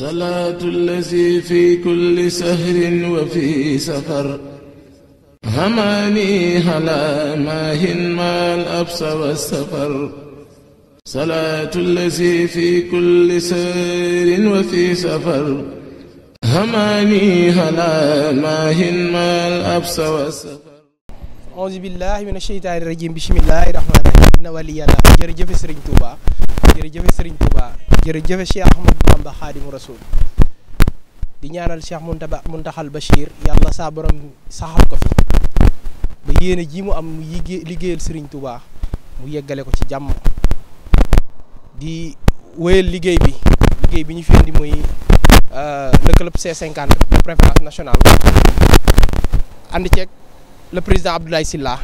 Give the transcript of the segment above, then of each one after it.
salaatu allazi fi kulli sahrin wa fi safar hamaani halaa maahin maal absa wa safar salaatu allazi fi kulli sahrin wa fi safar hamaani halaa maahin maal absa wa safar auzu billaahi mina sheytaani rajiim bismillaahi rahmaani rahiim na waliyallah jërëjëf Sëriñ Tuuba jërëjëf Sëriñ Tuuba jërëjëf Cheikh Ahmadou Bamba Xaadimu Rasuul di ñaanal Cheikh Mountakha Mountakhal Bachir yàlla saa borom saxal ko fi ba yéene ji mu am mu yigée liggéeyal Serigne Touba mu yeggale ko ci jàmm di wéyal liggéey bi liggéey bi ñu fi indi muy euh, le club cinquante 50 de préférence nationale ànd ceeg le président Abdoulaye Sylla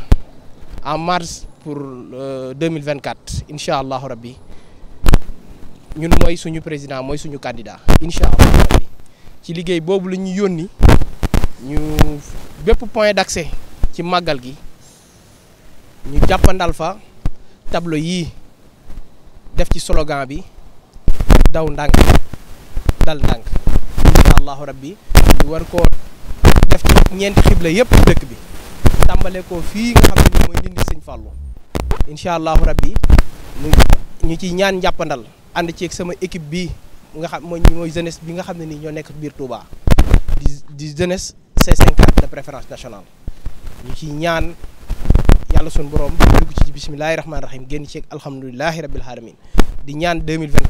en mars pour 2024 euh, incha allahu rabbi ñun mooy suñu président mooy suñu candidat incha allah ci liggéey boobu la ñu yónni ñu bépp point d'accès ci màggal gi ñu jàppandal fa tableau yi def ci slogan bi daw ndànk dal ndànk incha allahu rabbi ñu war koo def ci ñeenti xibla yëpp dëkk bi tàmbale ko fii nga xam ne mooy ndindi sëñ fàllu incha allahu rabbi ñu ñu ci ñaan njàppandal ànd ceek sama équipe bi nga xam mooy mooy jeunesse bi nga xam ne nii ñoo nekk biir Touba di di jeunesse C50 de préférence nationale ñu ci ñaan yàlla suñu borom dugg ci bisimilahi rahmaani rahim génn ci alhamdulilahi rabil alamin di ñaan 2024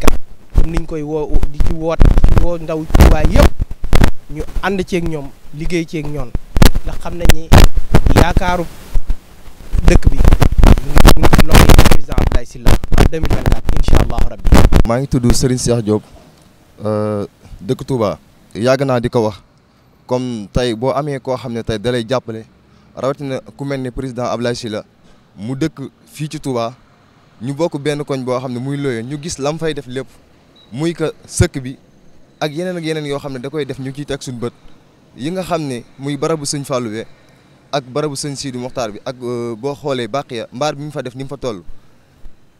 comme niñ koy woo di ci woot di ci woo ndaw Touba yëpp ñu ànd ceeg ñoom liggéey ceeg ñoon ndax xam nañ ñi yaakaaru dëkk bi mu ngi ci loxo yi président Abdoulaye Sylla 2024 incha maa ngi tudd Serigne Cheikh Diop euh, dëkk Touba. yàgg naa di ko wax comme tey boo amee koo xam ne tey dalay jàppale rawatina ku mel ne président Ablaye Sylla mu dëkk fii ci Touba ñu bokk benn koñ boo xam ne muy looyoo ñu gis lam fay def lépp muy que sëkk bi ak yeneen ak yeneen yoo xam ne da koy def ñu ciy teg suñu bët yi nga xam ne muy barabu sëñ Fallou be ak barabu sëñ Sidi Mokhtar bi ak euh, boo xoolee bàq ya mbaar bi mu fa def ni mu fa toll.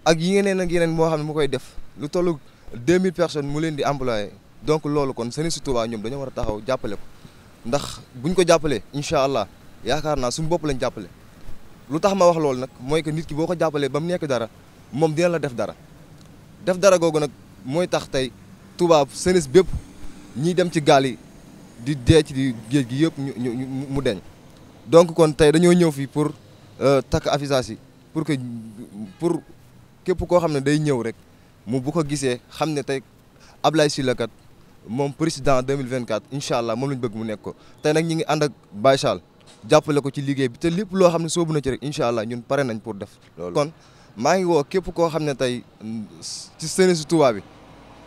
ak yeneen ak yeneen moo xam ne mu koy def lu toll 2000 personnes mu leen di employé donc loolu kon sëriñ si Touba ñoom dañoo war a taxaw jàppale ko ndax buñ ko jàppalee incha allah yaakaar naa suñu bopp lañ jàppale lu tax ma wax loolu nag mooy que nit ki boo ko jàppalee ba nekk dara moom dina la def dara def dara googu nag mooy tax tey Touba sëriñ bépp ñiy dem ci gaal yi di dee di géej gi yëpp ñu ñu mu deñ donc kon tey dañoo ñëw fii pour euh, takk affichage pour que pour. képp koo xam ne day ñëw rek mu bu ko gisee xam ne tey Ablaye Sylla moom président 2024 incha allah moom la ñu bëgg mu nekk ko tey nag ñi ngi ànd ak Baye jàppale ko ci liggéey bi te lépp loo xam ne soobu na ci rek incha allah ñun pare nañ pour def loolu kon maa ngi woo képp koo xam ne tey ci sëne si Touba bi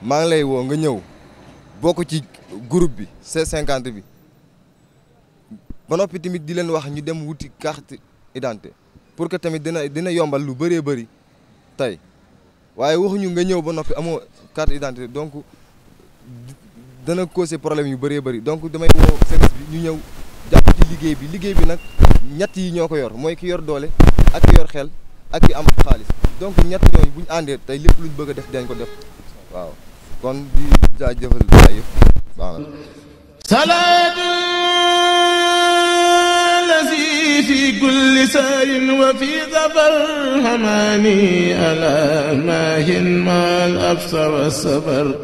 maa ngi lay woo nga ñëw bokk ci groupe bi c cinquante bi ba noppi tamit di leen wax ñu dem wuti carte d'identité pour que tamit dina dina yombal lu bëree bëri tey waaye waxuñu nga ñëw ba noppi amoo carte d'identité donc dana cose problème yu baree bëri donc damay woo service bi ñu ñëw jàpp ci liggéey bi liggéey bi nag ñett yi ñoo ko yor mooy ki yor doole ak ki yor xel ak ki am xaalis donc ñett ñooñu bu ñu àndee tey lépp luñ bëgg a def dañ ko def waaw kon di jaajëfal waay yëpp baax في كل سير وفي ظفر هماني ألا ماهن ما الأبص والصبر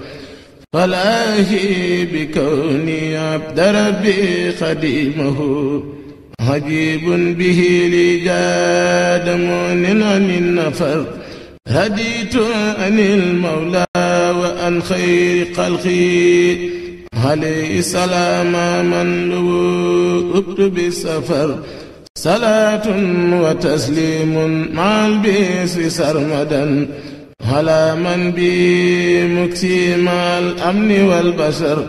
فلاهي بكوني عبد ربي خديمه عجيب به لي جاد مؤن عن النفر هديت عن المولى وعن خير خلقي عليه السلام من لو أكتب السفر صلاة وتسليم مع البيس سرمدا على من بي مكسي مع الأمن والبشر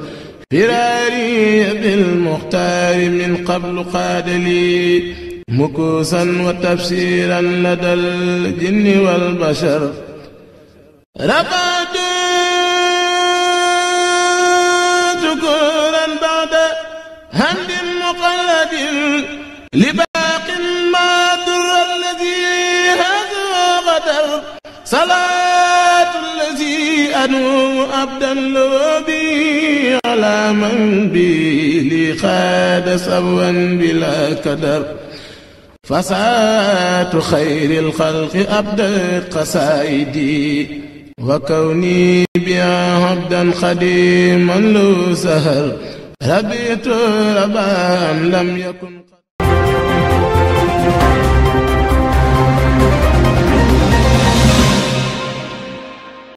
فراري بالمختار من قبل قاد لي مكوسا وتفسيرا لدى الجن والبشر رقد شكورا بعد هند مقلد salaatu lazi anumu abdan loo bi ala man bi li xaada sawan bila kadar fasaatu xayril xalqi abdat qasaayidi wa kawni bi abdan xadiman lu sahar rabitu raban lam yakun